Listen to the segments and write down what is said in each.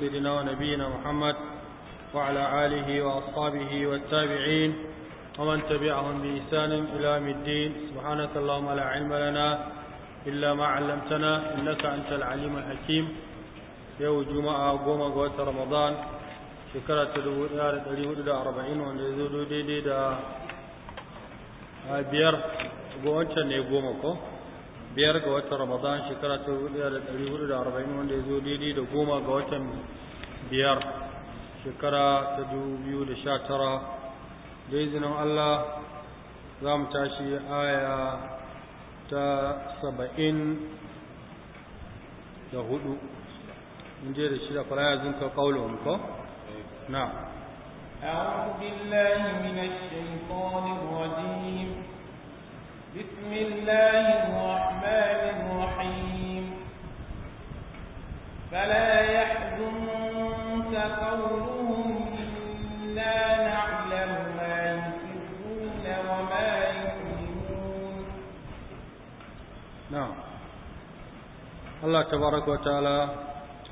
سيدنا ونبينا محمد وعلى آله وأصحابه والتابعين ومن تبعهم بإحسان إلى يوم الدين سبحانك اللهم لا علم لنا إلا ما علمتنا إنك أنت العليم الحكيم يوم جمعة قوم قوة رمضان شكرا تدور إلى أربعين ونزول ديدي دا بير قوة ne goma ko biyar ga watan ramadan shekara ta hudu da arba'in wanda ya zo daidai da goma ga watan biyar shekara ta dubu biyu da sha tara da izinin allah za mu tashi aya ta saba'in da hudu in je da shida fara yanzu ka kawo ko na أعوذ بالله من الشيطان الرجيم بسم الله الرحمن الرحيم فلا يحزنك قولهم إنا نعلم ما يسرون وما يسرون نعم الله تبارك وتعالى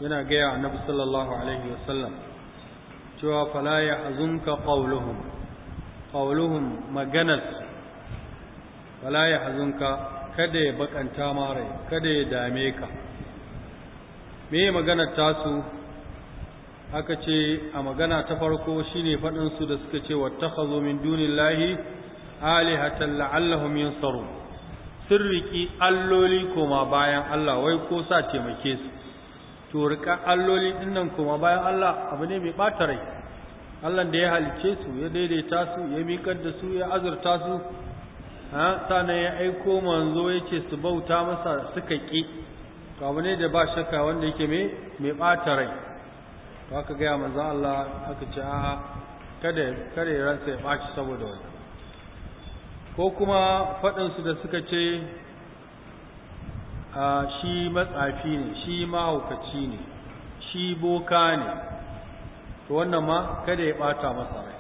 من أجاع النبي صلى الله عليه وسلم فلا يحزنك قولهم قولهم مجنس wala ya hazunka kada ya bakanta mara kada ya dame ka me ta tasu aka ce a magana ta farko shine faɗin su da suka ce wattakhazu min dunillahi alihatan la'allahum yansaru sirriki alloli koma bayan Allah wai ko sa taimake su to rika alloli nan koma bayan Allah abu ne mai ɓata rai Allah da ya halice su ya daidaita su ya miƙar da su ya azurta su ha sannan ya aiko manzo yace su bauta masa suka ki abu ne da ba shakka wanda yake me me bata rai to aka ga manzo Allah aka ce a kada kada ransa ya baci saboda wannan ko kuma fadin su da suka ce a shi matsafi ne shi mahaukaci ne shi boka ne to wannan ma kada ya bata masa rai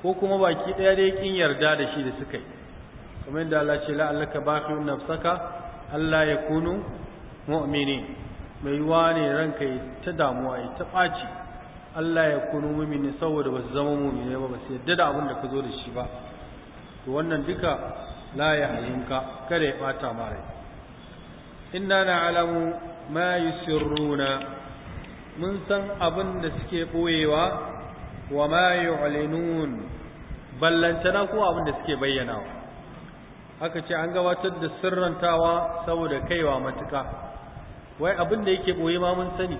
ko kuma baki ɗaya da yakin yarda da shi da suka yi kuma yadda Allah ce la'allaka baqi'un nafsaka Allah ya kunu mu'mini mai yiwa ne ranka yi ta damuwa yi ta ɓaci Allah ya kunu mu'mini saboda ba su zama mu'mini ba ba su yadda da abin da ka zo da shi ba to wannan duka la ya halinka kada ya ɓata mara inna na'lamu ma yusirruna mun san abin da suke ɓoyewa wa ma yu'linun ballantana ko abin da suke bayyanawa aka ce an gabatar da sirrantawa saboda kaiwa matuka wai abin da yake boye ma mun sani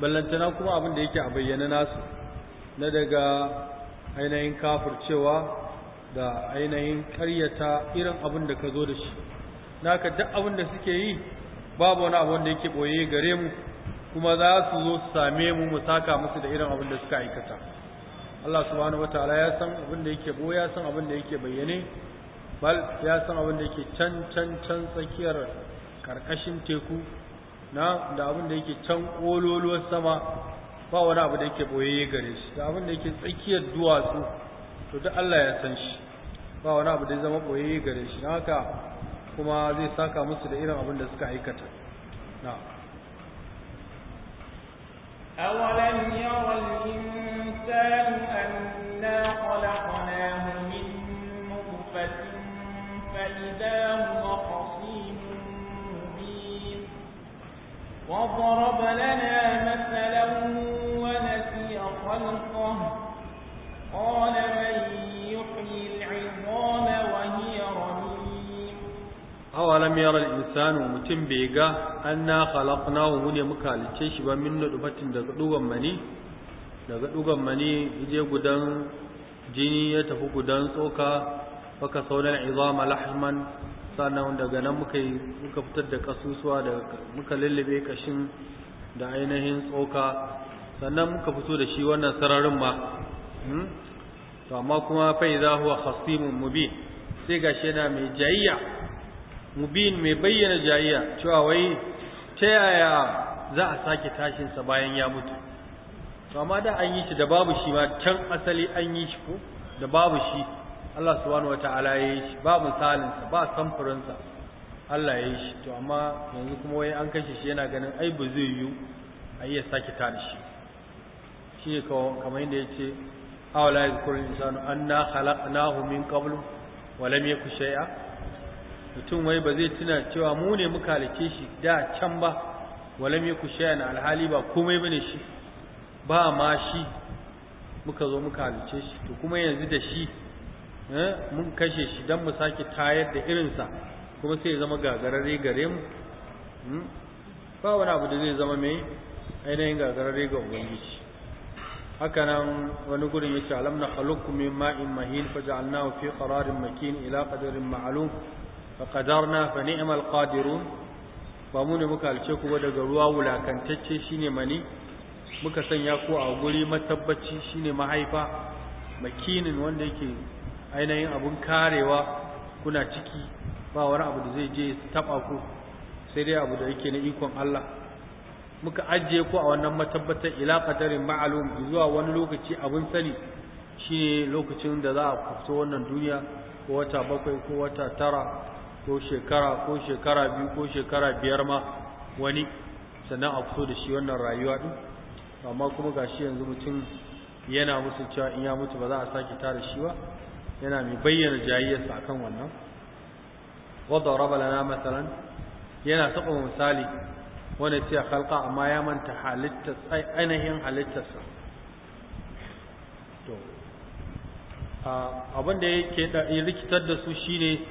ballantana kuma abin da yake a bayyana nasu na daga ainihin kafircewa da ainihin karyata irin abin da ka zo da shi naka duk abin da suke yi babu wani abu wanda yake boye gare mu kuma za su zo su same mu mu saka musu da irin abin da suka aikata Allah subhanahu wataala ya san abin da yake boye ya san abin da yake bayyane bal ya san abin da yake can can can tsakiyar karkashin teku na da abin da yake can kololuwar sama ba wani abu da yake boye gare shi da abin da yake tsakiyar duwatsu to duk Allah ya san shi ba wani abu da ya zama boye gare shi haka kuma zai saka musu da irin abin da suka aikata na أولم ير الإنسان أنا خلقناه من نطفة Waɗanne wajen daɗi da shi? Ƙasarmu suna mutum bai ga. Ana halartar nama muka halarci shi ba, min na duba tun daga ɗuɗuɗman mani, daga ɗuɗuɗman mani. Ija gudan jini ya tafi gudan tsoka. baka saunar izama lahman sannan daga nan muka yi muka fitar da kasusuwa da muka lullube kashin da ainihin tsoka sannan muka fito da shi wannan sararin ma hmm? to amma kuma fa idza huwa khasimun mubin sai gashi yana mai jayya mubin mai bayyana jayya cewa wai ta yaya za a sake tashin sa bayan ya mutu to amma da an yi shi da babu shi ma can asali an yi shi ko da babu shi Allah subhanahu wataala ya yi shi ba misalinsa ba samfurinsa Allah ya yi shi to amma yanzu kuma wai an kashe shi yana ganin ai ba zai yiwu a iya sake ta shi shi ne kamar yadda yace ce awala insanu anna khalaqnahu min qablu wa lam yaku shay'a mutum wai ba zai tuna cewa mu ne muka halice shi da can ba wa lam yaku shay'an alhali ba komai bane shi ba ma shi muka zo muka halice shi to kuma yanzu da shi Eh, mun kashe shi don mu sake tayar da irinsa kuma sai zama gagarare gare mu hmm? ba wani abu da zai zama mai ainihin gagarare ga ubangiji haka nan wani gurin yake alam na khalaqkum min ma'in mahin fa faj'alnahu fi qararin makin ila qadarin ma'lum fa qadarna fa ni'mal qadirun ba mu muka alce ku daga ruwa wulakantacce shine mani muka sanya ko a guri matabbaci shine mahaifa makinin wanda yake ainihin abun karewa kuna ciki ba wani abu da zai je taba ku sai dai abu da yake na ikon Allah muka ajiye ku a wannan matabbatar ila qadarin ma'lum zuwa wani lokaci abin sani shine lokacin da za a kufto wannan duniya ko wata bakwai ko wata tara ko shekara ko shekara biyu ko shekara biyar ma wani sannan a fito da shi wannan rayuwa din amma kuma gashi yanzu mutum yana musu cewa in ya mutu ba za a sake tara shi ba yana mai bayyana jayayyarsa akan wannan wadda raba lana masalan yana saka misali wanda ce halka amma ya manta halittar ainihin halittarsa to abin da yake rikitar da su shine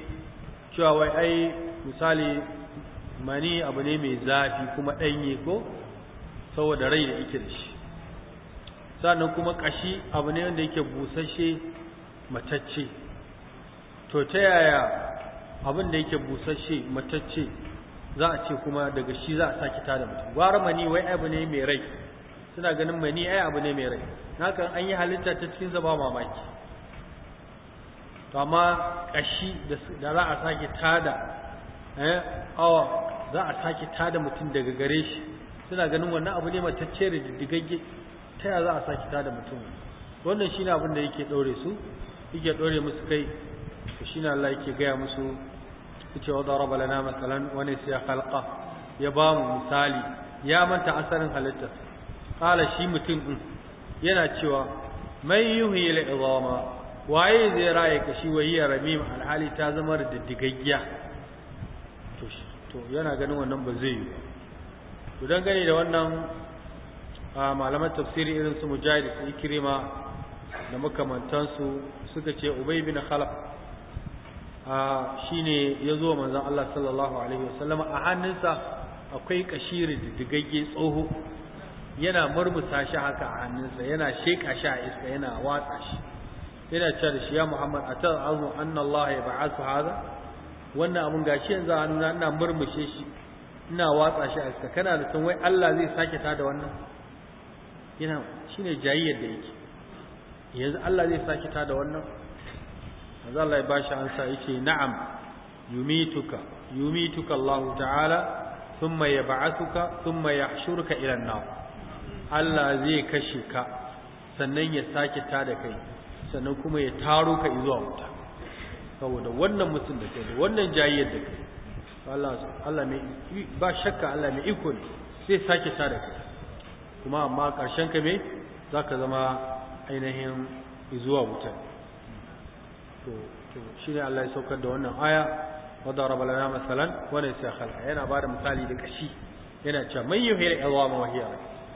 cewa wai ai misali mani abu ne mai zafi kuma ɗanye ko saboda rai da yake da shi sannan kuma ƙashi abu ne wanda yake busashe. matacce to ta yaya abin da yake busasshe matacce za a ce kuma daga shi za a sake tada mutum gwara mani wai abu ne mai rai suna ganin mani ai abu ne mai rai haka an yi halitta ta cikin ba mamaki to amma kashi da za a sake tada eh awa za a sake tada mutum daga gare shi suna ganin wannan abu ne matacce da diddigagge ta yaya za a sake tada mutum wannan shine abin da yake daure su yake ɗore musu kai to na Allah yake gaya musu yace wa raba lana masalan wa nasiya khalqa ya ba mu misali ya manta asarin halitta Kala shi mutum ɗin yana cewa yi yuhyi al-idama waye zai raye ka shi wa yi rami ma alhali ta zama da diddigaggiya to to yana ganin wannan ba zai yi ba to don gani da wannan malamar tafsiri irin su mujahid su ikrima da makamantansu suka ce ubay bin khalaf shine ya zo manzon Allah sallallahu alaihi wasallam a hannunsa akwai kashiri didigagge tsoho yana murmusa shi haka a hannunsa yana sheka shi a iska yana watsa shi yana cewa da shi ya Muhammad atar azu anna Allah ya ba'asu hada wannan abun gashi yanzu a hannuna ina murmushe shi ina watsa shi a iska kana da san wai Allah zai sake tada wannan yana shine jayyar da yake yanzu Allah zai saki ta da wannan yanzu Allah ya bashi ansa yake na'am yumituka yumituka Allah ta'ala thumma yab'athuka thumma yahshuruka ila an-nar Allah zai kashe ka sannan ya saki ta da kai sannan kuma ya taro ka zuwa wuta saboda wannan mutum da kai wannan jayyar da kai Allah Allah ne ba shakka Allah ne iko ne sai sake ta da kai kuma amma karshen ka me zaka zama ainihin zuwa wutar to shi ne Allah ya saukar da wannan aya wadda rabala na matsalan wani sai halka yana ba da misali da kashi yana cewa mai yi hira yawa mawahiya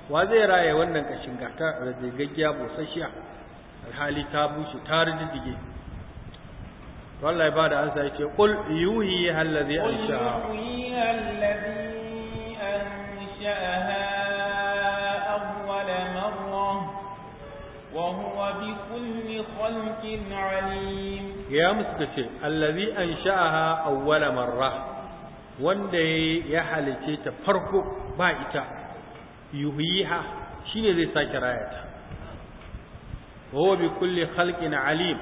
wa zai raye wannan kashin gata da zigaggiya busasshiya alhali ta bushe ta rididdige wallahi ba da ansa yake qul yuhi allazi ansha qul yuhi وهو بكل خلق عليم يا مسكتي الذي أنشأها أول مرة wanda ya halice ta farko ba ita yuhiha shine zai sake rayata huwa bi kulli khalqin alim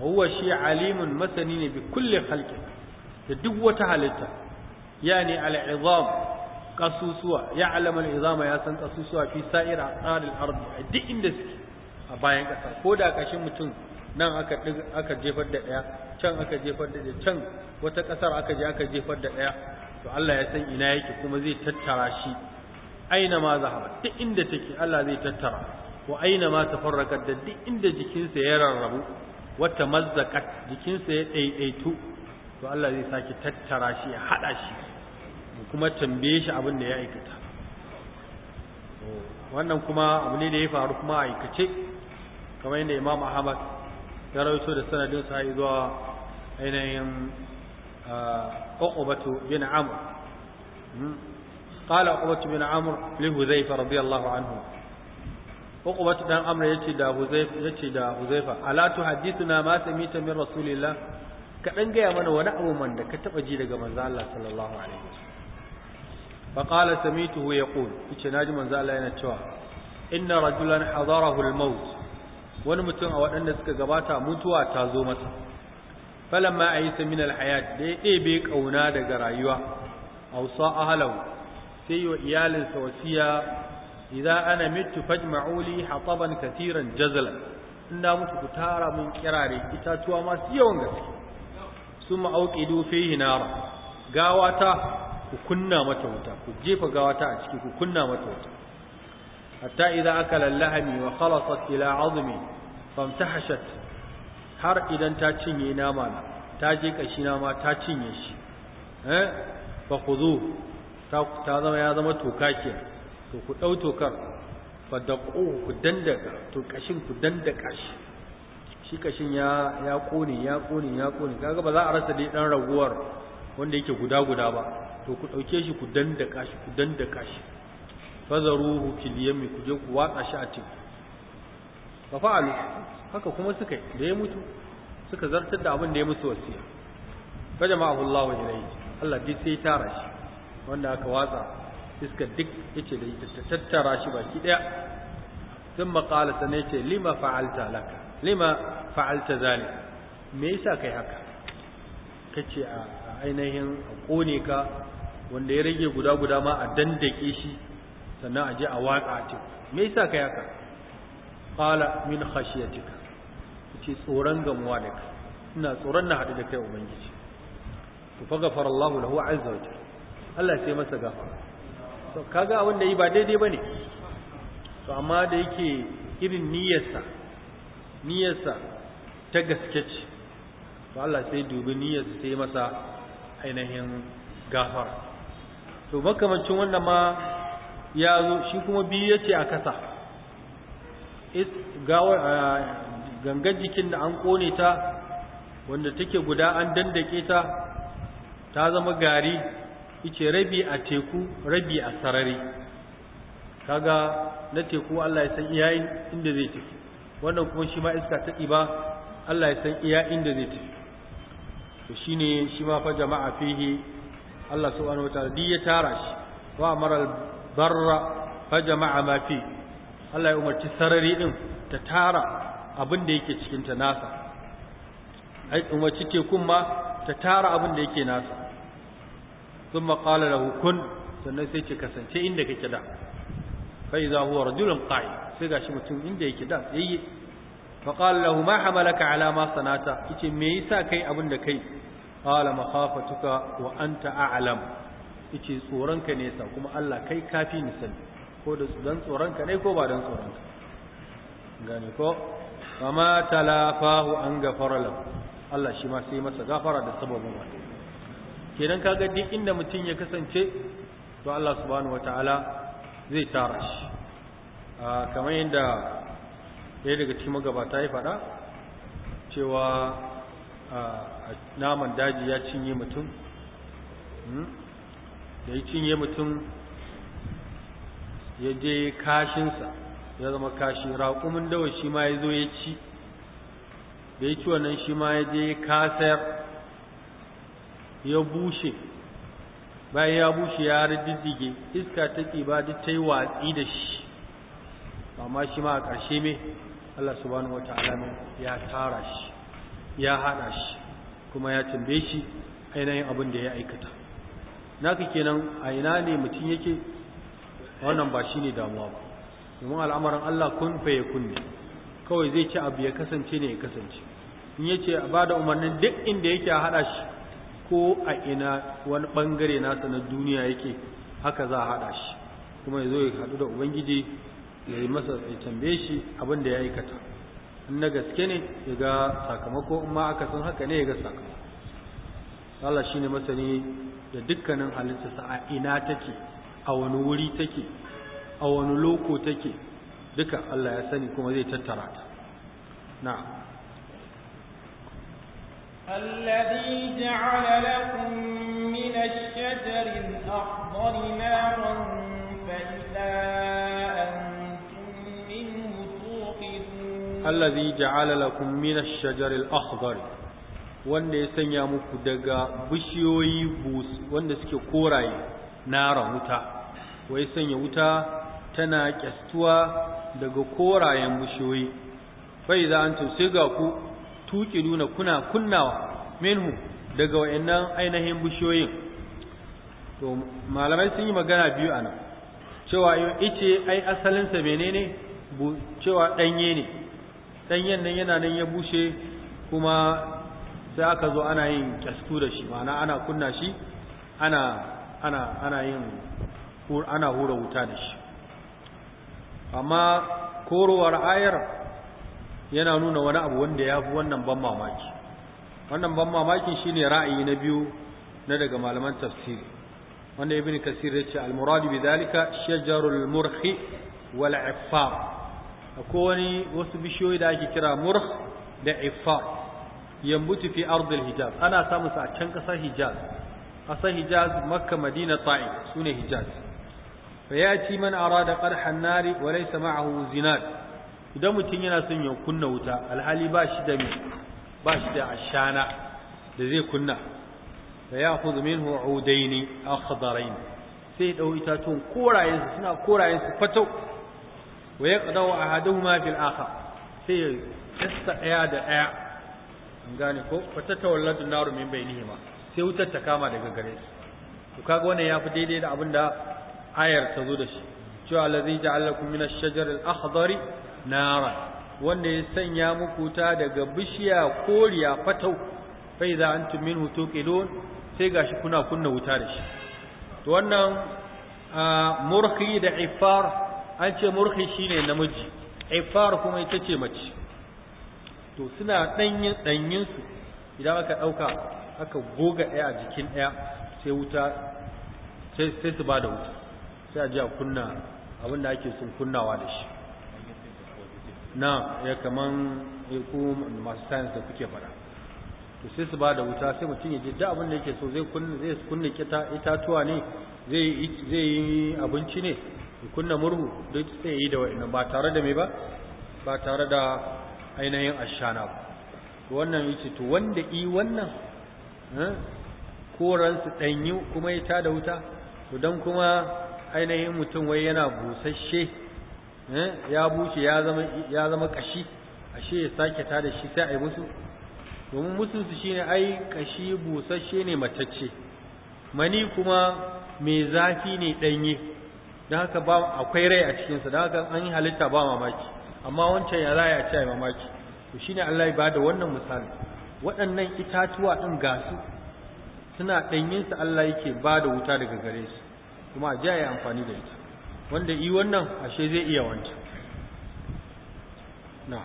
huwa shi alimun masani ne bi kulli da duk wata halitta yani al-izam kasusuwa ya alama al-izama ya san kasusuwa fi sa'ira al-ardi duk inda suke a bayan ƙasa ko da ƙashin mutum nan aka aka jefar da ɗaya can aka jefar da ɗaya can wata ƙasar aka je aka jefar da ɗaya to Allah ya san ina yake kuma zai tattara shi aina ma zahaba duk inda take Allah zai tattara wa aina ma tafarrakat da duk inda jikinsa ya rarrabu wata mazzakat jikinsa ya ɗaiɗaitu to Allah zai sake tattara shi ya haɗa shi kuma tambaye shi abin da ya aikata wannan kuma abu ne da ya faru kuma aikace kamar yadda imam ahmad ya rawaito da sanadin sa zuwa ainihin uqbatu bin amr hmm? qala uqbatu bin amr li huzaifa radiyallahu anhu uqbatu dan amr yace da huzaifa yace da huzaifa ala tuhaddithuna ma samita min rasulillah ka dan gaya mana wani abu man da ka taba ji daga manzo Allah sallallahu alaihi wasallam fa qala samituhu yaqul yace naji manzo cewa inna rajulan hadarahu maut wani mutum a waɗanda suka gabata mutuwa ta zo masa falamma ayisa min alhayat da ya ɗebe ƙauna daga rayuwa wasu ahalau sai yi wa iyalinsa wasiya idza ana mitu fajma'u li hataban katiran jazalan inda mutu ku tara mun kirare itatuwa masu yawan gaske summa auqidu fihi nara gawata ku kunna mata wuta ku jefa gawata a ciki ku kunna mata wuta hatta إذا أكل اللحم wa إلى عظمي فامتحشت هر har idan ta cinye nama na ta je kashi nama ta cinye shi eh fa khudhu كدندك ya shi shi kashin ya ya kone ya kone ya kone kaga ba za a rasa dai dan raguwar wanda yake guda guda ba to ku dauke shi ku dandaka shi ku dandaka shi fazaruhu ruhu ku je ku watsa shi a cikin fa fa'alu haka kuma suka da ya mutu suka zartar da abin da ya musu wasiya fa jama'ahu Allahu ilayhi Allah duk sai tara shi wanda aka watsa iska duk yace da ita tattara shi baki daya thumma qala sana yace lima fa'alta laka lima fa'alta zalik me yasa kai haka kace a ainihin a kone ka wanda ya rage guda guda ma a dandake shi sannan a a watsa a me yasa kai haka qala min khashiyatika yace tsoron gamuwa da kai ina tsoron na haɗu da kai ubangiji to fa gafara Allahu lahu azza wa jalla Allah sai masa gafara to kaga abin da yi ba daidai bane to amma da yake irin niyyarsa niyyarsa ta gaske ce to Allah sai dubi niyyarsa sai masa ainihin gafara to makamancin wannan ma ya zo shi kuma biyu ya ce a kasa gangar jikin da an kone ta wanda take guda an dandake ta ta zama gari ice rabi a teku rabi a sarari kaga na teku Allah ya san iya inda zai tafi wannan kuma shi ma iska ta ɗiba Allah ya san iya inda zai tafi to shine shi ma fa jama'a fihi Allah subhanahu wataala duk ya tara shi wa marar. Barra fa jama'a ma fi Allah ya umarci sarari din ta tara abin da yake cikin ta nasa ai umarci tekun ma ta tara abin da yake nasa thumma qala lahu kun sannan sai ce kasance inda kake da fa idza huwa rajulun qa'id sai gashi mutum inda yake da yayi fa qala lahu ma hamalaka ala ma sanata yace me yasa kai abin da kai qala makhafatuka wa anta a'lam yace tsoronka ne yasa kuma Allah kai kafi ni sani ko da dan tsoronka ne ko ba dan tsoronka gane ko kama talafahu an gafara lahu Allah shi ma sai masa gafara da sababin wani kenan kaga duk inda mutum ya kasance to Allah subhanahu wataala zai tara shi kamar yadda ɗaya daga cikin magabata ya faɗa cewa naman daji ya cinye mutum hmm? da ya cinye mutum ya je kashinsa ya zama kashi raƙumin dawa shi ma ya zo ya ci da ya ci wannan shi ma ya je kasar ya bushe bayan ya bushe ya riddige iska ta tsiba duk ta yi watsi da shi amma shi ma a ƙarshe me Allah subhanahu wataala ya tara shi ya haɗa shi kuma ya tambaye shi ainihin abin da ya aikata naka kenan a ina ne mutum yake wannan ba shi ne damuwa ba domin al'amarin Allah kun faye kun ne kawai zai ci abu ya kasance ne ya kasance in ya ce a bada umarnin duk inda yake a haɗa shi ko a ina wani ɓangare nasa na duniya yake haka za a haɗa shi kuma ya zo ya haɗu da ubangiji ya yi masa ya tambaye shi abin da ya aikata in na gaske ne ya ga sakamako in ma aka san haka ne ya ga sakamako Allah shine masani da dukkanin halittarsa a ina take a wani wuri take a wani loko take duka Allah ya sani kuma zai tattara ta na'am alladhi ja'ala lakum min ash-shajari al-akhdari naran fa idha antum minhu tuqidun alladhi ja'ala lakum min ash-shajari al-akhdari wanda ya sanya muku daga bishiyoyi wanda suke koraye na rahuta wa sanya wuta tana kyastuwa daga korayen bishiyoyi fa idza antum sai ga ku tuqiduna kuna kunnawa minhu daga wayannan ainihin bishiyoyin to malamai sun yi magana biyu anan cewa ice ai asalinsa menene cewa danye ne danyen nan yana nan ya bushe kuma sai aka zo ana yin kyastu da shi ma'ana ana kunna shi ana ana yin ana hura wuta da shi amma korowar ayar yana nuna wani abu wanda ya fi wannan ban mamaki wannan ban mamakin shine ra'ayi na biyu na daga malaman tafsiri wanda ibini kasir yace ce almuradu bi dalika shajarul murhi wal efa. akwai wani wasu bishiyoyi da ake kira murh da efa. yambutu fi ardil hijaz ana samun sa a can kasar hijaz kasar hijaz makka madina ta'i sune hijaz fa yati man arada qarhan nari wa laysa ma'ahu zinad idan mutun yana son ya kunna wuta alhali ba shi da ba shi da ashana da zai kunna fa ya'khudhu minhu udayn akhdarayn sai dau itatun korayen su suna korayen su fatau wa yaqdaw ahaduhuma fil akhar sai ya daya da daya An gane ko fata tawallatu naru min hima sai wutar ta kama daga gare su to kaga wannan yafi daidai da abin da ayar ta zo da shi cewa allazi ja'alakum min ash-shajar al-akhdari nara wanda ya sanya muku ta daga bishiya koriya fatau fa idza antum minhu tuqilun sai gashi kuna kunna wuta da shi to wannan murhi da ifar an ce murhi shine namiji ifar kuma ita ce mace to suna ɗanyen ɗanyensu idan aka ɗauka aka goga ɗaya a jikin ɗaya sai wuta sai su ba da wuta sai a jiya a kunna abin da ake sun kunnawa da shi na ya kaman ya kuma masu sayansa kuke fara to sai su ba da wuta sai mutum ya jidda da abin da yake so zai kunna itatuwa ne zai yi abinci ne ya kunna murhu don sai yi da wa'ina ba tare da mai ba ba tare da ainihin ashana ba wannan yace to wanda i wannan eh, koran su danyu kuma ya tada wuta to dan kuma ainihin mutum wai yana busasshe eh, ya buce ya zama ya zama kashi ashe ya sake tada shi sai ai musu domin musu su shine ai kashi busasshe ne matacce mani kuma mai zafi ne danye dan haka ba akwai rai a cikin sa dan haka an yi halitta ba mamaki amma wancan ya ce ya mamaki to shine Allah ya bada wannan misali waɗannan itatuwa ɗin gasu suna danyin su Allah yake bada wuta daga gare su kuma a ya amfani da ita wanda yi wannan ashe zai iya wancan na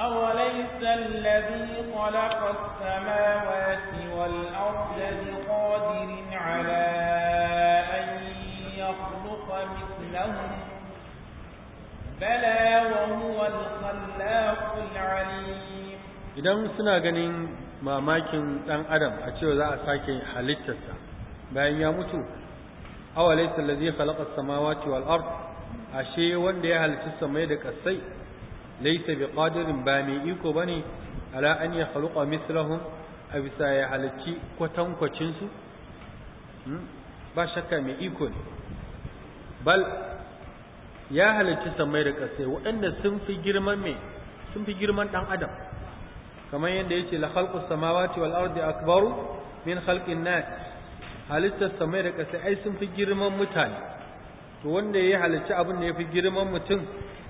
أوليس الذي خلق السماوات والأرض بقادر على أن يخلق مثلهم bala wa huwa al idan suna ganin mamakin dan adam a cewa za a sake halittarsa bayan ya mutu awalaysa allazi khalaqa as-samawati wal ard ashe wanda ya halitta samai da kasai laysa biqadirin ba mai iko bane ala an ya khaluqa mithlahum a bisa ya halicci kwatankwacinsu? Hmm, ba shakka mai iko ne bal ya halicci samai da ƙasai waɗanda sun fi girman me sun fi girman ɗan adam kamar yadda ya ce la khalqu samawati wal ardi akbaru min halƙin nas halittar samai da ƙasai ai sun fi girman mutane to wanda ya halicci abin da ya fi girman mutum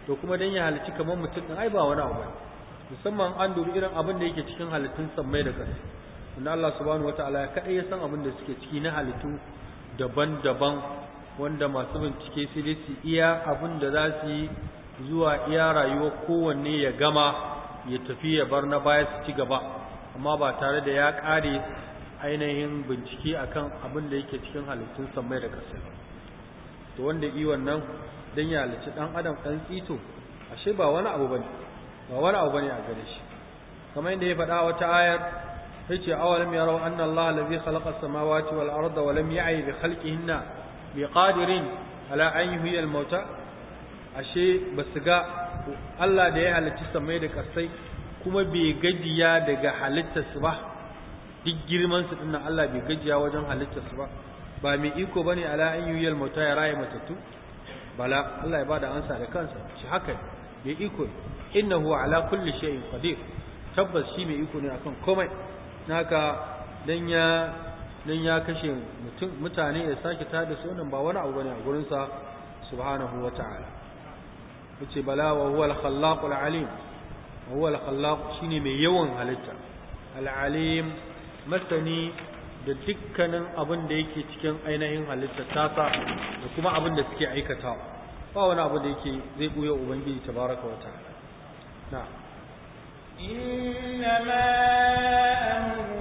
to kuma dan ya halicci kamar mutum din ai ba wani abu musamman an dubi irin abin da yake cikin halittun samai da ƙasai wanda Allah subhanahu wataala ya Kaɗai ya san abin da suke ciki na halittu daban-daban wanda masu bincike sai dai su iya abin da za su yi zuwa iya rayuwa kowanne ya gama ya tafi ya bar na baya su ci gaba amma ba tare da ya ƙare ainihin bincike akan abin da yake cikin halittun samai da ƙasa to wanda yi wannan dan ya halicci dan adam dan tsito ashe ba wani abu bane ba wani abu bane a gare shi kamar yadda ya faɗa wata ayar yace awalam yarau anna allaha allazi khalaqa as-samawati wal arda wa lam ya'i bi khalqihinna bi qadirin ala an yuhyi al mauta ashe basu ga Allah da ya halicci samai da kasai kuma bai gajiya daga su ba duk girman su dinnan Allah bai gajiya wajen halittarsu ba ba mai iko bane ala an yuhyi al mauta ya rayi matattu bala Allah ya bada ansa da kansa shi haka bai iko innahu ala kulli shay'in qadir tabbas shi mai iko ne akan komai naka dan ya nan ya kashe mutane ya sake tada su nan ba wani abu bane a gurin sa subhanahu wataala yace bala wa huwa al-khallaq al-alim wa huwa al-khallaq shine mai yawan halitta al-alim masani da dukkanin abin da yake cikin ainihin halitta tasa da kuma abin da suke aikata ba wani abu da yake zai buya ubangiji tabaraka wa ta'ala na ma amru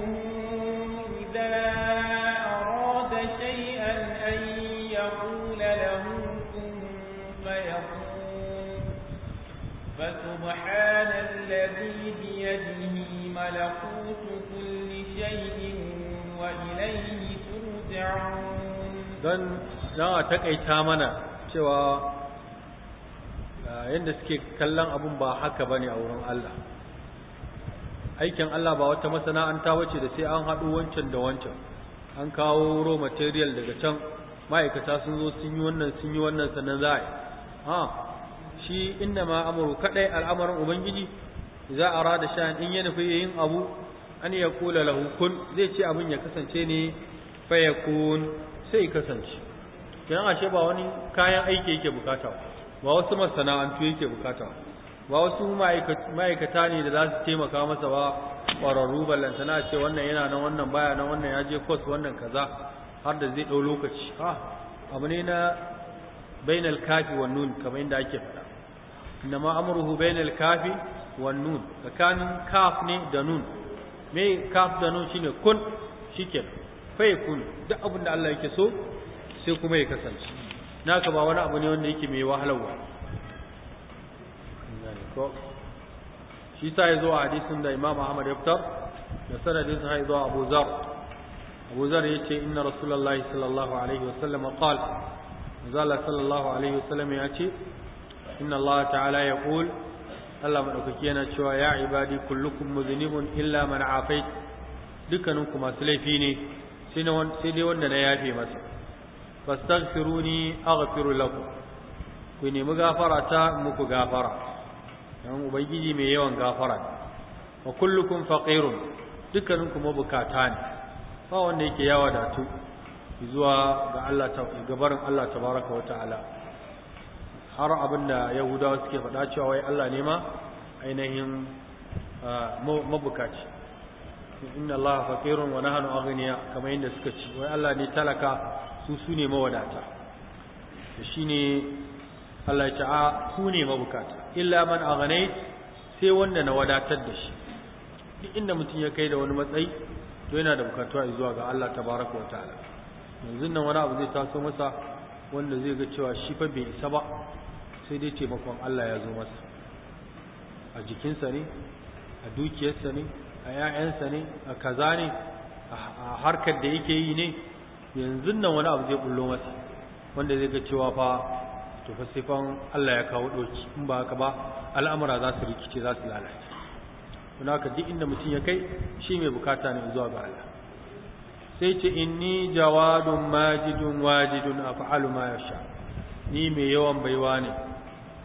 ملكوت كل شيء وإليه ترجعون دون لا تكيتا منا cewa eh, yadda suke kallon abun ba haka bane a wurin Allah aikin Allah ba wata masana'anta wace da sai an haɗu wancan da wancan an kawo raw material daga can ma'aikata sun zo sun yi wannan sun yi wannan sannan za a yi ha shi inda ma amuru kaɗai al'amarin ubangiji idza rada shan in ya nufi yin abu an ya kula lahu kun zai ce abin ya kasance ne fa sai kasance kiran ashe ba wani kayan aiki yake bukata ba wasu masana'antu yake bukata ba wasu ma'aikata ne da za su taimaka masa ba ƙwararru ballantana ce wannan yana nan wannan baya nan wannan ya je kwas wannan kaza har da zai ɗau lokaci ha abu ne na bainal kafi wannan kamar ake faɗa inna ma amruhu bainal kafi Wannun tsakanin kaf ne da nun me kaf da nun shine kun shike fa yakun duk abin da Allah yake so sai kuma ya kasance naka ba wani abu ne wanda yake mai wahalarwa shi sa ya zo a hadisin da Imam Ahmad ya fitar da sanadin sa ya zo Abu Zar Abu Zar ce inna Rasulullahi sallallahu alaihi wasallam qala zala sallallahu alaihi wasallam ce inna Allah ta'ala yaqul Allah madaukaki yana cewa ya ibadi kullukum muzinibun illa man afait dukkaninku masu laifi ne sai dai wanda na yafe masa fastaghfiruni aghfiru lakum ku nemi gafara ta muku gafara dan ubangiji mai yawan gafara wa kullukum faqirun dukkaninku mabukata ne ba wanda yake yawa da tu zuwa ga Allah ta gabarin Allah tabaraka wa ta'ala har abin da yahudawa suke faɗa cewa wai Allah ne ma ainihin mabukaci inna Allah faqirun wa nahnu aghniya kamar yadda suka ci wai Allah ne talaka su su ne mawadata shine Allah ya ce a su ne mabukata illa man aghnai sai wanda na wadatar da shi duk inda mutum ya kai da wani matsayi to yana da a zuwa ga Allah tabaraka wa ta'ala yanzu nan wani abu zai taso masa wanda zai ga cewa shi fa bai isa ba sai dai taimakon Allah ya zo masa a jikinsa ne a dukiyarsa ne a 'ya'yansa ne a kaza ne a harkar da yake yi ne yanzu nan wani abu zai bullo masa wanda zai ga cewa fa to fa sai Allah ya kawo doki in ba haka ba al'amura za su rikice za su lalace Kuna haka duk inda mutum ya kai shi mai bukata ne zuwa ga Allah sai ce in ni jawadun majidun wajidun fa’alu ma yasha ni mai yawan baiwa ne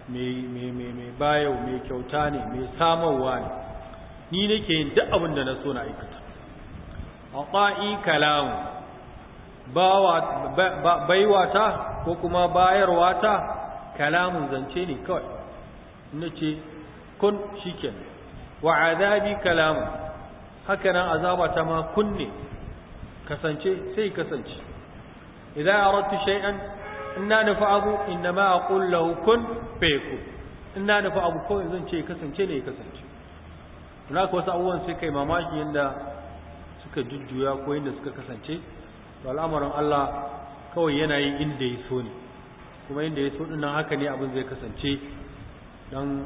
mai bayau mai kyauta ne mai samarwa ne ni nake yin duk abin da na so na aikata a ƙa'i kalamu baiwata ko kuma bayarwata kalamun zance ne kawai na ce kun shi wa azabi kalamu? haka nan azabata ma kunne kasance sai kasance idan ratu shay'an ina nufi abu inna ma a kulla hukun feku ina nufi abu kawai zan ce kasance ne ya kasance tuna ka wasu abubuwan sai kai mamaki yadda suka jujjuya ko yadda suka kasance to al'amarin Allah kawai yana yi inda ya so ne kuma inda ya so nan haka ne abin zai kasance dan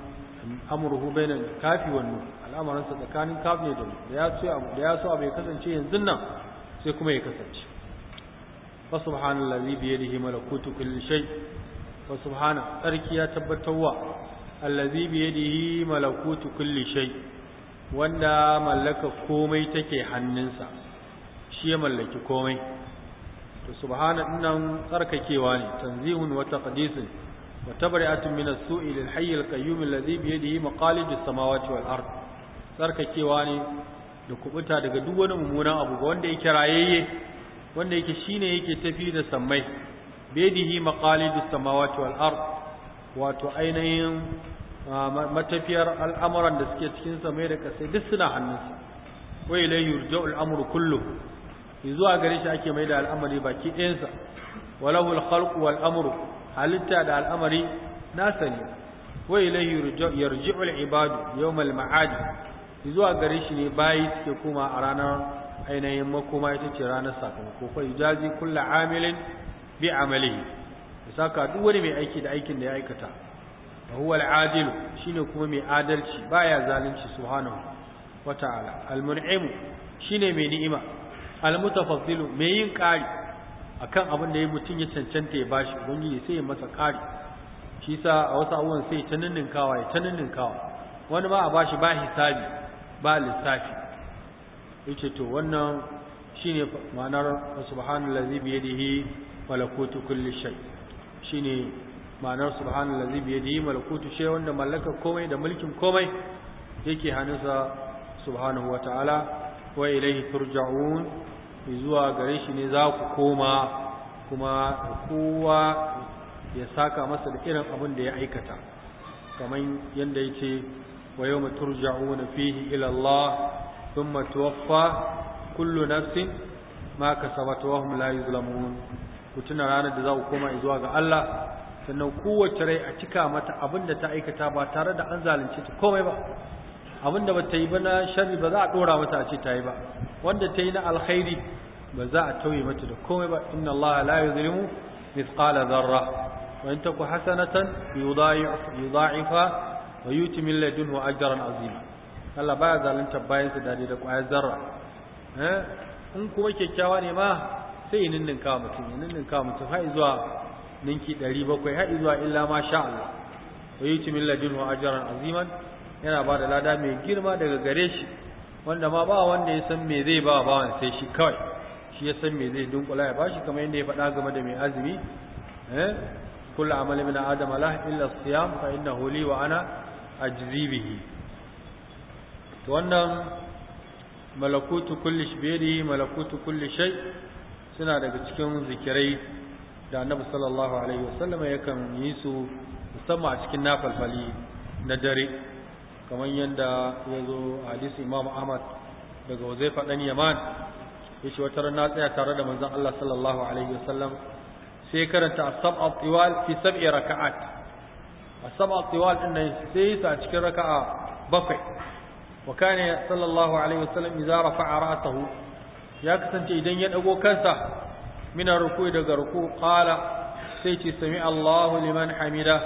amruhu bayna kafi wan nur sa tsakanin kafi da ya so abu ya so abu ya kasance yanzu nan sai kuma ya kasance فسبحان الذي بيده ملكوت كل شيء وسبحان تركي يا تبتوا الذي بيده ملكوت كل شيء wanda mallaka komai take hannunsa shi ya mallaki komai to subhana dinnan tsarkakewa ne tanzihun wa taqdisun wa tabri'atun min as-su'i lil hayy al-qayyum alladhi bi yadihi maqalid as-samawati wal ard tsarkakewa ne da kubuta daga duk wani mummunan abu ga wanda yake rayayye wanda yake shine yake tafi da sammai bedihi maqalidus samawati wal ard wato ainihin matafiyar al'amuran da suke cikin samai da kasai duk suna hannunsa wai la yurja'u amru kullu zuwa gare shi ake mai da al'amari baki ɗayansa walahu al-khalqu wal amru halitta da al'amari nasa ne wai la yarji'u al-ibadu yawm al-ma'ad zuwa gare shi ne bayi suke kuma a ranar ainihin makoma ita ce ranar sakamako fa yujazi kulla amilin bi amalihi saka duk wani mai aiki da aikin da ya aikata fa huwa al-adil shine kuma mai adalci baya zalunci subhanahu wa ta'ala al-mun'im shine mai ni'ima al mai yin kari akan abin da ya mutum ya cancanta ya bashi ubangiji sai ya masa kari shi sa a wasu abubuwan sai ta ninninkawa ya ta ninninkawa wani ma a bashi ba hisabi ba lissafi yace to wannan shine ma'anar subhanallazi bi yadihi malakutu kulli shay shine ma'anar subhanallazi bi yadihi malakutu shay wanda mallaka komai da mulkin komai yake hanusa subhanahu wataala wa ilayhi turja'un zuwa gare shi ne za ku koma kuma kowa ya saka masa da irin abin da ya aikata kamar yadda yace wa yawma turja'una fihi ila Allah thumma tuwaffa kullu sin ma kasabat wa hum la ku tuna ranar da za ku koma zuwa ga Allah sannan kowace rai a cika mata abin da ta aikata ba tare da an zalunce ta komai ba abin da bata yi ba na sharri ba za a dora mata a ce ta yi ba wanda ta yi na alkhairi ba za a tauye mata da komai ba inna Allah la yuzlimu mithqala dharra wa in taku hasanatan yudha'if yudha'ifa wa yuti ladunhu ajran azima Allah baya zalunta bayan su dade da ƙwayar zarra eh in kuma kyakkyawa ne ma sai ya ka mutum ya ka mutum har zuwa ninki 700 har zuwa illa ma sha Allah wa yuti min wa ajran aziman yana ba da lada mai girma daga gare shi wanda ma ba wanda ya san me zai ba wanda sai shi kawai shi ya san me zai dunkula ya bashi kamar yadda ya faɗa game da mai azumi eh kullu amali min adam la illa siyam fa innahu li wa ana ajzi bihi to wannan malakutu kulli shibiri malakutu kulli shay suna daga cikin zikirai da annabi sallallahu alaihi wasallam yakan yi su musamman a cikin nafalfali na dare kamar yadda ya zo hadisi imam ahmad daga wazaifa dan yaman yace wata rana na tsaya tare da manzon Allah sallallahu alaihi wasallam sai karanta as-sab'a tiwal fi sab'i raka'at as-sab'a tiwal din nan sai sa cikin raka'a bakwai wa kana sallallahu alaihi wasallam idza rafa'a ra'sahu ya kasance idan ya dago kansa mina ruku daga ruku qala sai ce sami Allahu liman hamida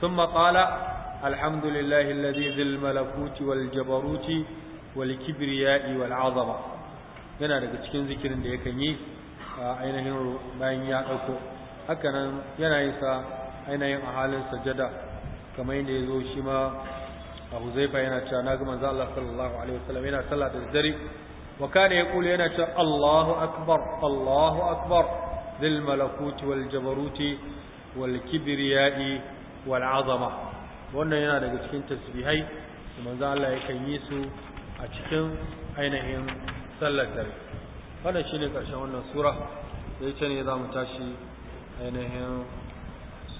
thumma qala الحمد لله الذي ذي الملكوت والجبروت والكبرياء والعظمة yana daga cikin zikirin da yakan yi a ainihin bayan ya dauko hakanan yana yin sa a halin sajada kamar yadda ya zo shi ma abu zai yana cewa na ga manzo Allah sallallahu alaihi wasallam yana sallah da dare wa kana kula yana cewa Allahu akbar Allahu akbar dhil malakuti wal jabaruti wal kibriyai wal azama wannan yana daga cikin tasbihai da manzo Allah yakan yi su a cikin ainihin sallar dare wannan shine karshen wannan sura sai ce ne za mu tashi ainihin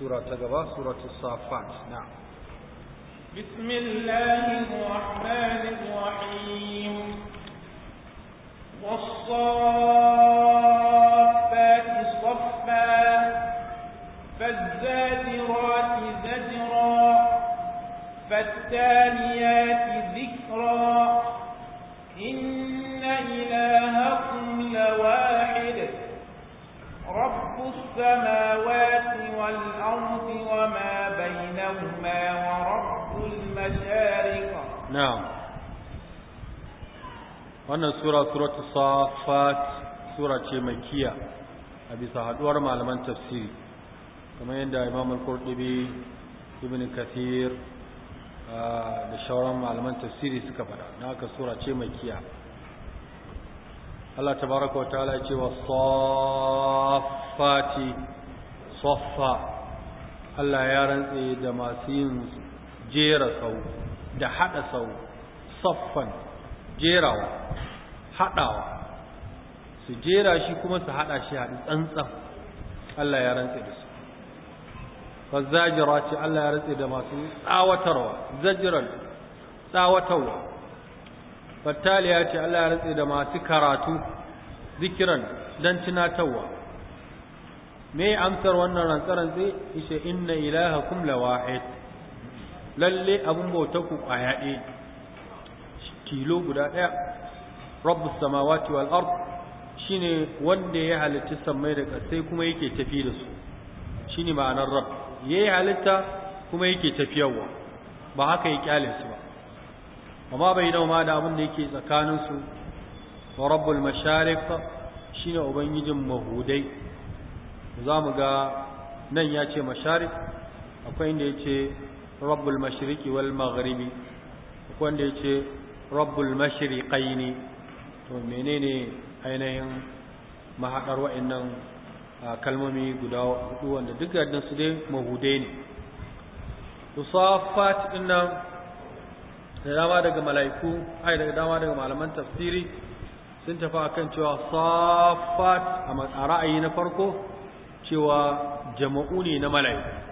sura ta gaba suratul safat na'am بسم الله الرحمن الرحيم والصافات صفا فالزاجرات زجرا فالتاليات ذكرا إن إلهكم لواحد رب السماوات والأرض وما بينهما ورب والمشارق نعم wannan sura suratul safat sura ce makkiya a bisa haduwar malaman tafsiri kamar yadda imam al-qurtubi ibn kathir ah, da shauran malaman tafsiri suka faɗa, na haka sura ce makkiya Allah tabaraka wa ta'ala ya ce wa safati saffa Allah ya rantse da masu yin jera sau da hada sau saffan jerawa hadawa su jera shi kuma su hada shi hadi tsantsan Allah ya rantsa da su fazzajira ce Allah ya rantsa da masu tsawatarwa zajiran tsawatarwa fattaliya ce Allah ya rantsa da masu karatu zikiran dan tunatarwa me amsar wannan rantsarantse ishe inna ilahakum la wahid lalle abun bautar ku kwaya ɗaya tilo guda ɗaya rabu samawati wal ard shine wanda ya halitta samai da ƙasai kuma yake tafi da su shine ma'anar ya yayi halitta kuma yake tafiyarwa ba haka ya kyale su ba amma bai nau ma da abin da yake tsakanin su wa rabbul mashariq shine ubangijin mahudai za mu ga nan ya ce masharif akwai inda ya rabbul mashriqi wal maghribi wanda ya ce rabbul mashriqaini to menene ainihin mahadar wa'annan kalmomi guda hudu wanda duk gaddin su dai mahudai ne usafat dinnan da dama daga mala'iku ai daga dama daga malaman tafsiri sun tafi akan cewa safat a ra'ayi na farko cewa jama'u ne na mala'iku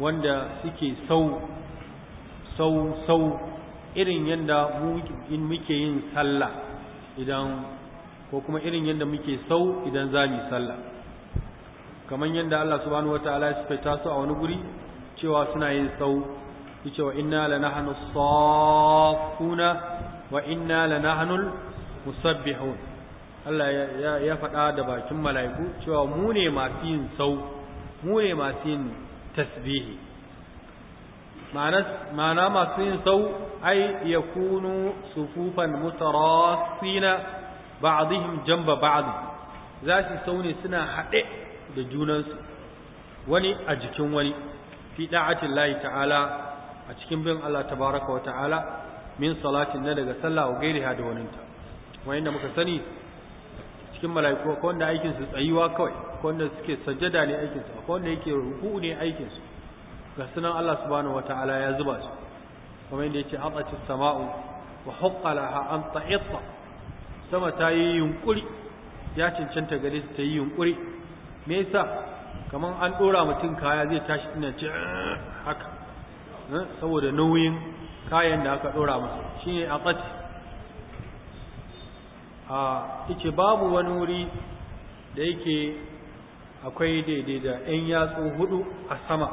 wanda suke sau sau sau irin yadda muke yin sallah idan ko kuma irin yadda muke sau idan za mu sallah kamar yadda Allah subhanahu wataala ya sifaita su a wani guri cewa suna yin sau yace wa inna lanahnu saffuna wa inna lanahnu musabbihun Allah ya faɗa da bakin mala'iku cewa mu ne masu yin sau mu ne masu yin tasbihi ma'ana masu yin sau ai ya kunu sufufan mutarasina ba'dihim jamba ba'd za su sau suna haɗe da junansu wani a jikin wani fi da'atin lahi ta'ala a cikin bin Allah tabaraka wa ta'ala min salatin na daga sallah wa gairiha wani waninta wanda muka sani cikin mala'iku ko wanda aikin su tsayuwa kawai akwai wanda suke sajjada ne aikinsu akwai wanda yake ruku ne aikinsu ga sunan Allah subhanahu wataala ya zuba su kamar inda yace atati sama'u wa haqqa laha an ta'itta sama ta yi yunkuri ya cancanta gare ta yi yunkuri me yasa kamar an dora mutum kaya zai tashi ina ce haka eh, saboda nauyin kayan da aka dora masa shine atati a ah, ice babu wani wuri da yake akwai daidai da ‘yan yatsu hudu a sama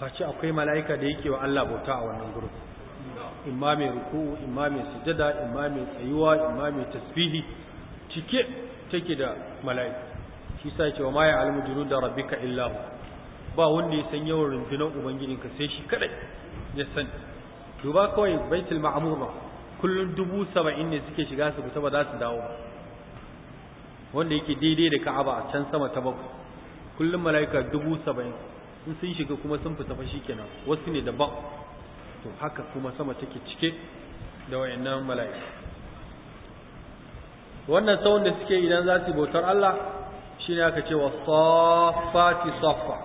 face akwai mala'ika da yake wa Allah bauta a wannan gurin imma mai ruku imma mai sujada imma mai tsayuwa imma mai tasbihi cike take da mala'ika shi sa ce wa ma da Rabi ka illa hu ba wanda ya san yawan rundunar ka sai shi kadai ya sani duba kawai baitul ma'mur ba kullun dubu saba'in ne suke shiga su fita ba za su dawo ba wanda yake daidai da ka'aba a can sama ta bakwai kullum mala'ika dubu saba'in in sun shiga kuma sun fita fa kenan wasu ne daban to haka kuma sama take cike da wayannan mala'ika wannan tsawon da suke idan za su bautar Allah shi ne aka ce wa safati safa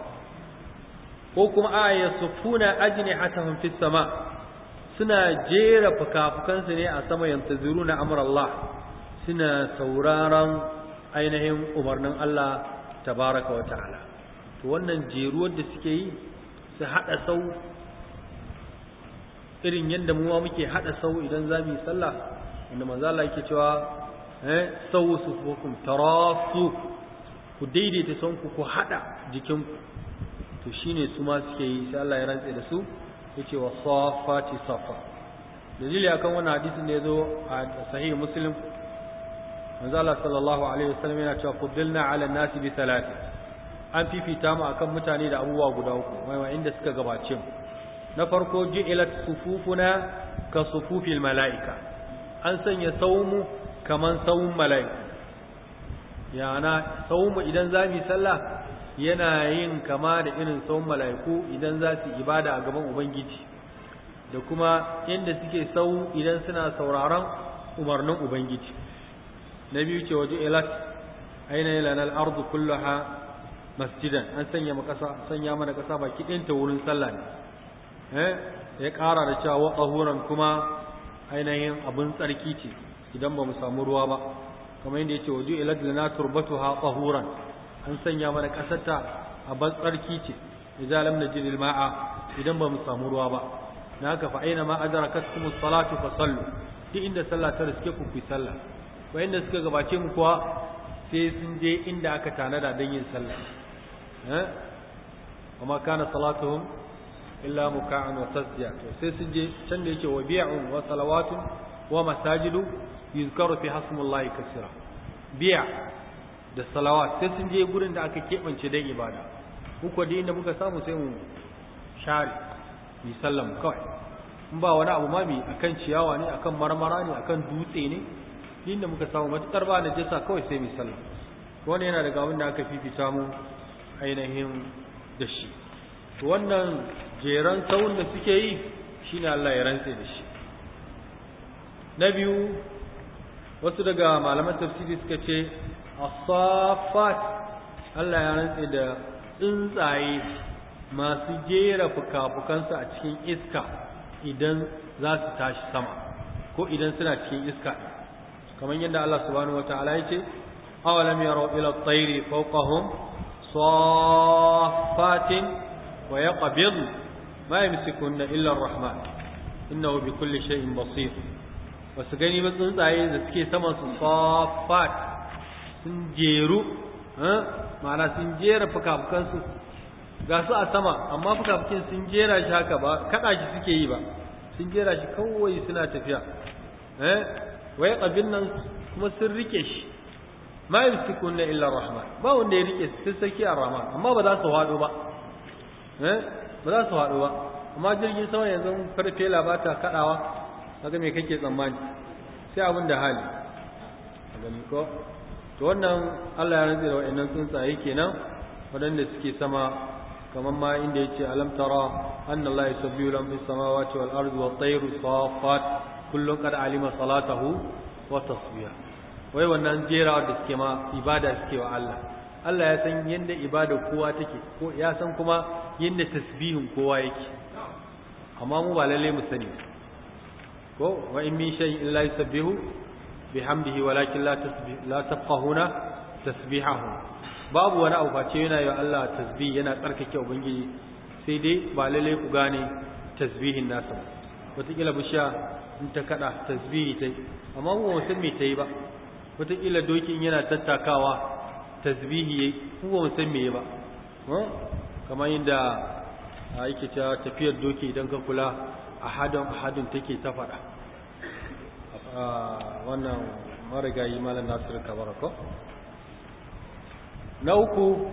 ko kuma ayya sufuna ajnihatahum fis sama suna jera fukafukansu ne a sama yantaziruna amr Allah suna sauraron ainihin umarnin Allah tabaraka wa ta'ala to wannan jeruwar da suke yi su hada sau irin yadda mu muke hada sau idan za mu yi sallah inda manzo Allah yake cewa eh sawu sufukum tarasu ku daidaita son ku ku hada jikinku to shine su ma suke yi sai Allah ya rantse da su yace wa safati safa dalili akan wannan hadisin da zo a sahih muslim manzala sallallahu alaihi wasallam yana cewa fuddilna ala nasi bi salati an fifita mu akan mutane da abubuwa guda uku mai inda suka gabace mu na farko ji'ilat sufufuna ka sufufil mala'ika an sanya saumu kaman saumun mala'ika yana sawmu idan za mu sallah yana yin kama da irin saumun mala'iku idan za su ibada a gaban ubangiji da kuma inda suke sau idan suna sauraron umarnin ubangiji na biyu ce waje ilat aina ila nal ardu kullaha masjidan an sanya mu kasa sanya mana kasa baki din ta wurin sallah ne eh ya ƙara da cewa tahuran kuma ainihin abun tsarki ce idan ba mu samu ruwa ba kamar yadda yake waje ilat lana turbatuha tahuran an sanya mana kasar ta abun tsarki ce idan lam najid al ma'a idan ba mu samu ruwa ba na fa aina ma adrakatkum as-salatu fa sallu duk inda sallah ta riske ku ku sallah wayanda suka gabace mu kuwa sai sun je inda aka tanada don yin sallah eh amma kana salatuhum illa muka'an wa tasdiya to sai sun je can da yake wabi'un wa salawatun wa masajidu yuzkaru fi hasmullahi kasira biya da salawat sai sun je gurin da aka keɓance don ibada muku da inda muka samu sai mu share mu sallam kawai in ba wani abu ma mi akan ciyawa ne akan marmara ne akan dutse ne din da muka samu matukar ba najasa kawai sai misali sallah yana daga abin da aka fifita mu ainihin da shi wannan jeran tsawon da suke yi shi ne Allah ya rantse da shi na biyu wasu daga malaman tafsiri suka ce a Allah ya rantse da tsuntsaye masu jera fuka-fukansu a cikin iska idan za su tashi sama ko idan suna cikin iska kamar yadda Allah subhanahu wataala yace awalam yaraw ila at-tayri fawqahum saffatin wa yaqbid ma yamsikunna illa ar-rahman innahu bikulli shay'in basir wasu gani ba tsuntsaye da suke saman su saffat sun jeru ma'ana sun jera fukafukansu ga su a sama amma fukafukin sun jera shi haka ba kada shi suke yi ba sun jera shi kawai suna tafiya eh waye abin nan kuma sun rike shi ma na illa rahman ba wanda ya rike sai sarki rahman amma ba za su hado ba eh ba za su hado ba amma jirgin sama yanzu karfe labata kadawa kaga me kake tsammani sai abin da hali gani ko to wannan Allah ya rantsa da wayannan tsuntsaye kenan waɗanda suke sama kamar ma inda yace alam tara anna allaha yusabbihu lahu fis samawati wal ardi wat tayru safat kullum kada alima salatahu wa tasbiya wai wannan jerawa da suke ma ibada suke wa Allah Allah ya san yadda ibada kowa take ko ya san kuma yadda tasbihin kowa yake amma mu ba lalle mu sani ko wa in min shay illa yusabbihu bihamdihi walakin la tasbih la tafqahuna tasbihahu babu wani abu face yana yi wa Allah tasbih yana tsarkake ubangiji sai dai ba lalle ku gane tasbihin nasa wata kila bishiya. in ta kada tasbihi ta yi amma kuwa san me ta yi ba wataƙila dokin yana tattakawa tasbihi ya yi kuwa san me ba kamar yadda yake ta tafiyar doki idan ka kula a hadin take ta faɗa wannan marigayi malam nasiru ko? na uku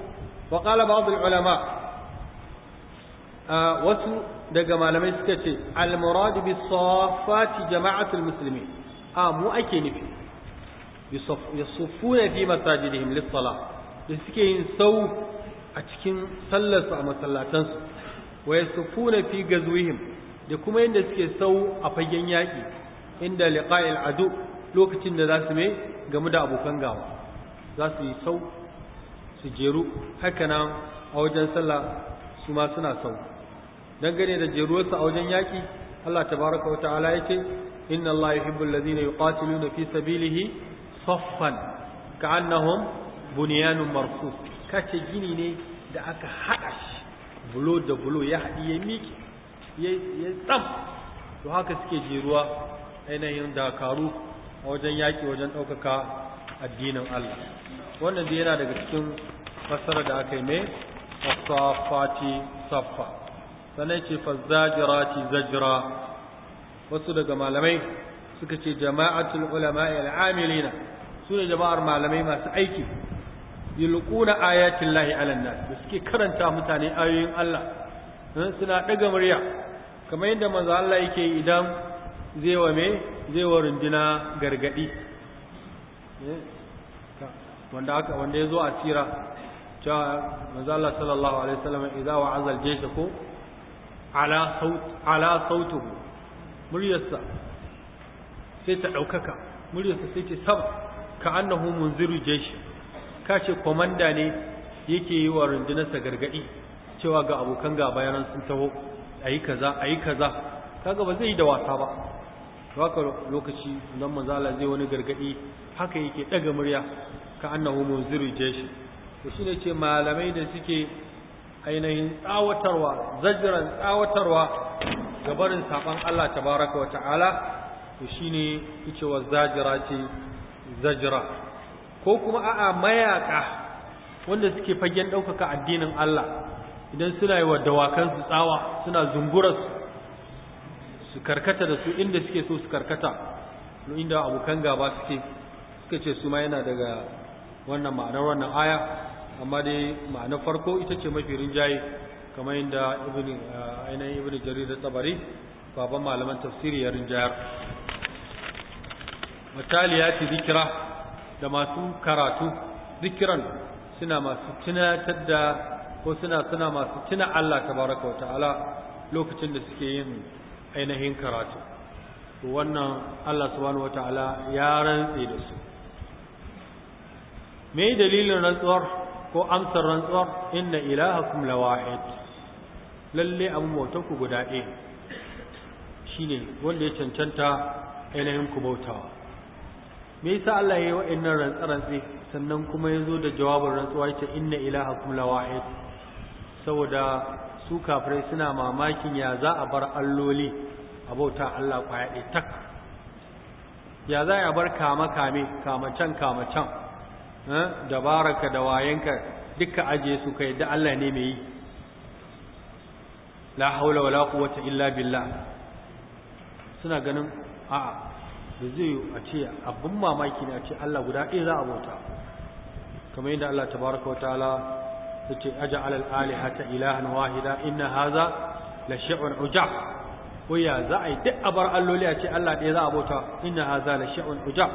wa ƙala ba'adul ulama wasu daga malamai suka ce al-murad bi safati jama'atul muslimin a mu ake nufi ya fi masajidihim lis-salah da suke yin sau a cikin sallar su a masallatan su wa yasuffuna fi gazwihim da kuma yanda suke sau a fagen yaki inda liqa'il adu lokacin da za su mai game da abokan gawa za su yi sau su jeru haka nan a wajen sallah su ma suna sau dangane da jeruwarsa a wajen yaƙi Allah tabaraka wa ta'ala yake inna Allah yuhibbu alladhina yuqatiluna fi sabilihi saffan ka'annahum bunyanun marsus kace gini ne da aka haɗa shi bulo da bulo ya haɗi ya miki ya tsam to haka suke jeruwa ainihin dakaru a wajen yaƙi wajen ɗaukaka addinin Allah wannan da yana daga cikin fassarar da aka yi mai safati saffa sannan ce fazzajirati zajra wasu daga malamai suka ce jama'atul ulama al'amilina su ne jama'ar malamai masu aiki yulquna ayatin lahi alan nas da suke karanta mutane ayoyin Allah eh, suna daga murya kamar yadda manzo Allah yake idan zai wa me zai wa rundina gargadi eh, wanda aka wanda yazo a sira cewa manzo Allah sallallahu alaihi wasallam idza wa'azal jaysh ko ala saut ala sautuhu muryarsa sai ta ɗaukaka. muryarsa sai ce sab ka annahu munziru jaysh ka ce komanda ne yake yi wa rundunarsa gargadi cewa ga abokan gaba yaran sun taho ayi kaza ayi kaza kaga ba zai yi da wasa ba to lokaci nan manzo Allah zai wani gargadi haka yake ɗaga murya ka annahu munziru jaysh shi ne ce malamai da suke ainihin tsawatarwa zajiran tsawatarwa ga barin saban Allah tabaraka wa ta'ala to ne yace wa zajira ce zajira ko kuma a'a mayaka wanda suke fagen ɗaukaka addinin Allah idan suna yi wa dawakansu tsawa suna zungura su karkata da su inda suke so su karkata inda abokan gaba suke suka ce su ma yana daga wannan ma'anar wannan aya amma dai ma'ana farko ita ce mafi rinjaye kamar yadda eh, ainihin ibn jarir da tsabari baban malaman tafsiri ya rinjayar mataliyati zikira da masu karatu zikiran suna masu tunatar da ko suna suna masu tuna Allah tabaraka wa ta'ala lokacin da suke yin ainihin karatu wannan Allah subhanahu wa ta'ala ya rantse da su me dalilin rantsuwar ko amsar rantsuwar inna ilahakum wahid lalle abin ku guda ɗaya shine wanda ya cancanta ainihin ku bautawa me yasa Allah ya yi wa'annan rantsarantsi sannan kuma ya zo da jawabin rantsuwa ya ce inna ilahakum wahid saboda su kafirai suna mamakin ya za a bar alloli a bauta Allah kwaya ɗaya tak ya za a bar kama kame kama can kama can dabaraka da wayenka duka aje su kai da Allah ne mai yi la haula wala quwwata illa billah suna ganin a'a da zai a ce abin mamaki ne a ce Allah guda ɗaya za a bauta kamar yadda Allah tabaraka wa ta'ala yace aj'al al-alihata ilahan wahida inna hadha la shay'un ujab koya za a yi duk abar alloli a ce Allah ɗaya za a bauta inna hadha la shay'un ujab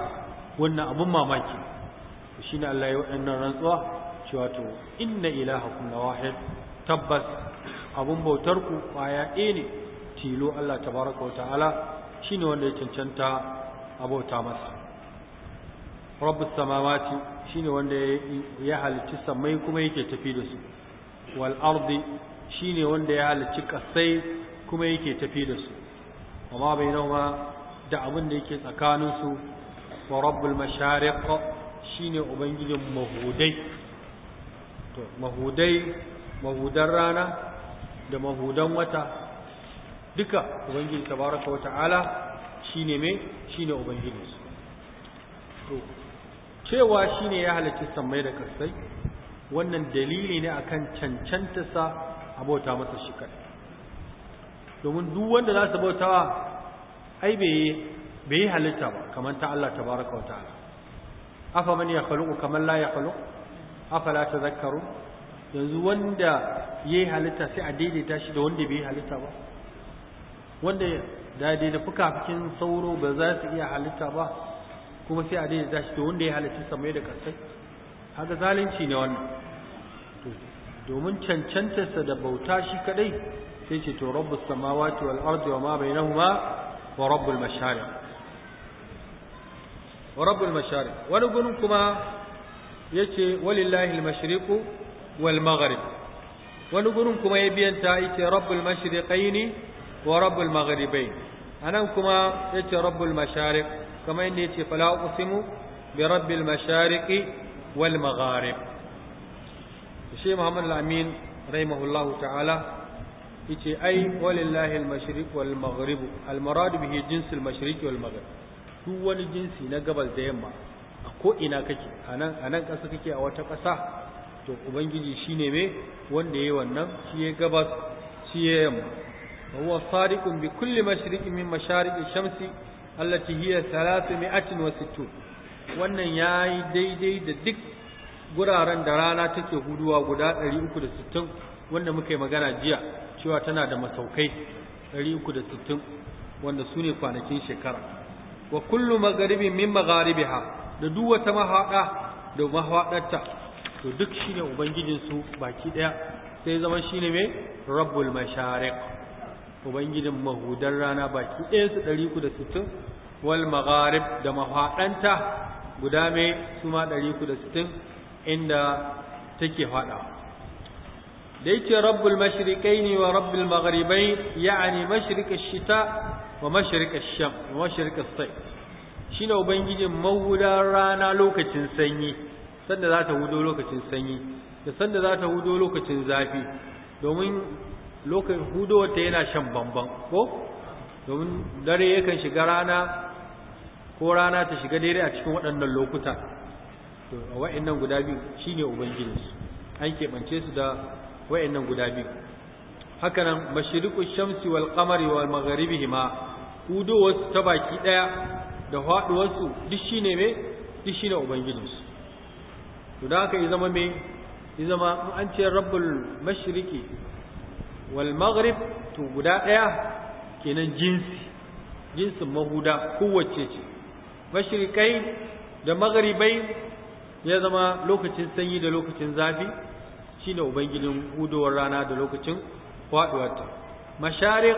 wannan abun mamaki shine Allah ya waɗannan rantsuwa cewa to inna ilahakum wahid tabbas abun bautar ku kwaya ne tilo Allah baraka wa ta'ala shi ne wanda ya cancanta a bauta masa rabbus samawati ne wanda ya halicci samai kuma yake tafi da su wal ardi ne wanda ya halicci kasai kuma yake tafi da su amma bainahuma da abin da yake tsakaninsu wa rabbul mashariq shine ubangijin mahudai to mahudai mahudan rana da mahudan wata duka ubangiji tabaraka wa ta'ala shine me shine ubangijin su to cewa shine ya halarci sammai da kasai wannan dalili ne akan cancanta sa abota masa shi domin duk wanda za su bautawa ai bai yi halitta ba kamar ta Allah tabaraka wa ta'ala afa man yakhluqu kaman la yakhluq la tadhakkaru yanzu wanda yayi halitta sai a daidaita shi da wanda bai halitta ba wanda da dai da fukafukin sauro ba za su iya halitta ba kuma sai a daidaita shi da wanda ya halitta samai da kasai haka zalunci ne wannan domin sa da bauta shi kadai sai ce to rabbus samawati wal ardi wa ma bainahuma wa rabbul mashariq wa rabbul mashariq wani gurin kuma yace walillahi al-mashriqu wal maghrib wani gurin kuma ya biyanta yace rabbul mashriqaini wa rabbul maghribain anan kuma yace rabbul mashariq kamar yadda yace fala uqsimu bi rabbil mashariqi wal magharib shi Muhammad al-Amin rahimahullahu ta'ala yace ai walillahi al-mashriq wal maghrib al-murad bihi jins al-mashriq wal maghrib duk wani jinsi na gabas da yamma a ko ina kake a nan a nan ƙasa kake a wata ƙasa to ubangiji shine me wanda yayi wannan shi ya gabas shi ya yamma wa huwa sadiqun bi kulli mashriqin min mashariqi shamsi allati hiya 360 wannan yayi daidai da duk guraren da rana take huduwa guda 360 wanda muka yi magana jiya cewa tana da masaukai 360 wanda su ne kwanakin shekara wa kullu magharibin min magharibiha da duk wata mahada da mahadarta to duk shine ubangijin su baki daya sai zama shine me rabbul mashariq ubangijin mahudar rana baki daya su 360 wal magharib da mahadanta guda me su ma 360 inda take fada da yake rabbul mashriqaini wa rabbul magharibain yani mashriq ash-shita wa mashriqash asham wa mashriqas sai shine ubangijin mawudan rana lokacin sanyi sanda za ta hudo lokacin sanyi da sanda za ta hudo lokacin zafi domin lokacin hudo ta yana shan bamban ko domin dare yakan shiga rana ko rana ta shiga daidai a cikin waɗannan lokuta to a wa'annan guda biyu shine ubangijinsu an keɓance su da wa'annan guda biyu haka nan mashriqu shamsi wal qamari wal maghribihima hudowarsu ta baki ɗaya da haɗuwarsu duk shi ne mai duk shi ne ubangijinsu to da haka ya zama mai yi zama in an ce rabbul mashiriki wal maghrib to guda ɗaya kenan jinsi jinsin mahuda kowace ce mashirikai da magharibai ya zama lokacin sanyi da lokacin zafi shine ubangijin hudowar rana da lokacin faɗuwarta masharik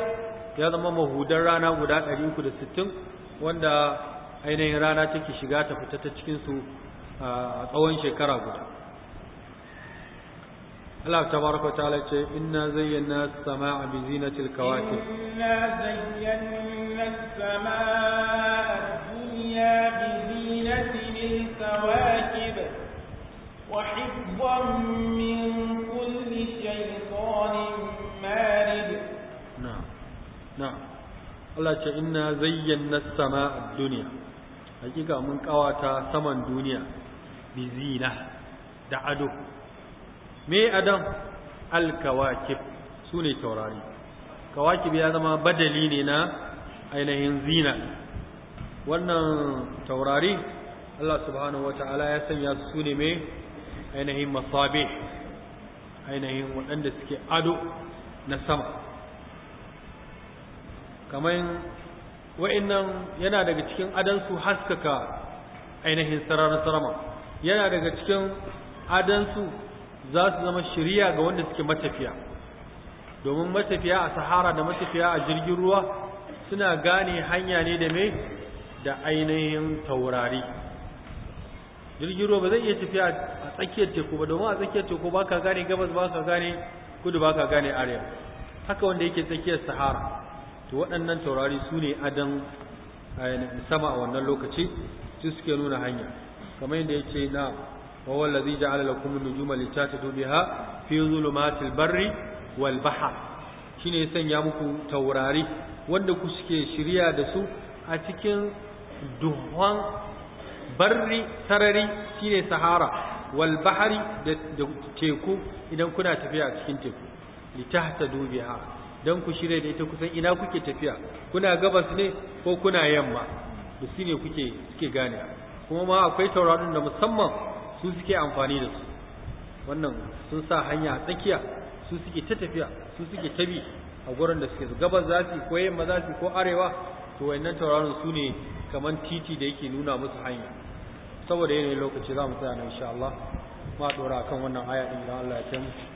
ya zama mahudan rana guda 360 wanda ainihin rana take shiga ta fita ta cikinsu a tsawon shekara guda Allah ta tabaraka ta'ala ce inna zayyana samaa bi zinatil kawakib inna zayyana samaa dunya bi zinatil kawakib wa hifdhan min Allah ce inna zayyana a duniya hakika mun kawata saman duniya bi zina da ado me adam alkawakib sune taurari kawakib ya zama badali ne na ainihin zina wannan taurari Allah subhanahu wataala ya sanya su sune me ainihin masabe ainihin waɗanda suke ado na sama kamar wa'annan yana daga cikin adansu haskaka ainihin sararin sarama yana daga cikin adansu za su zama shiriya ga wanda suke matafiya domin matafiya a sahara da matafiya a jirgin ruwa suna gane hanya ne da mai da ainihin taurari jirgin ruwa ba zai iya tafiya a tsakiyar teku ba domin a tsakiyar teku ba ka gane gabas ba ka gane kudu ba ka gane arewa haka wanda yake tsakiyar sahara to waɗannan taurari su ne adan sama a wannan lokaci su suke nuna hanya kamar yadda ya ce na wawan lazi ja'ala lakum ta litatadu ha fi zulumatil barri wal bahr shine ya sanya muku taurari wanda ku suke shirya da su a cikin duhon barri sarari shine sahara wal da teku idan kuna tafiya a cikin teku litahtadu ha don ku shirya da ita kusan ina kuke tafiya kuna gabas ne ko kuna yamma da su ne kuke suke gane kuma ma akwai taurarin da musamman su suke amfani da su wannan sun sa hanya tsakiya su suke ta tafiya su suke ta bi a gurin da suke gabas za su ko yamma za su ko arewa to wannan taurarin su ne kamar titi da yake nuna musu hanya saboda yanayin lokaci za mu tsaya na insha Allah ma dora kan wannan aya din da Allah ya taimaka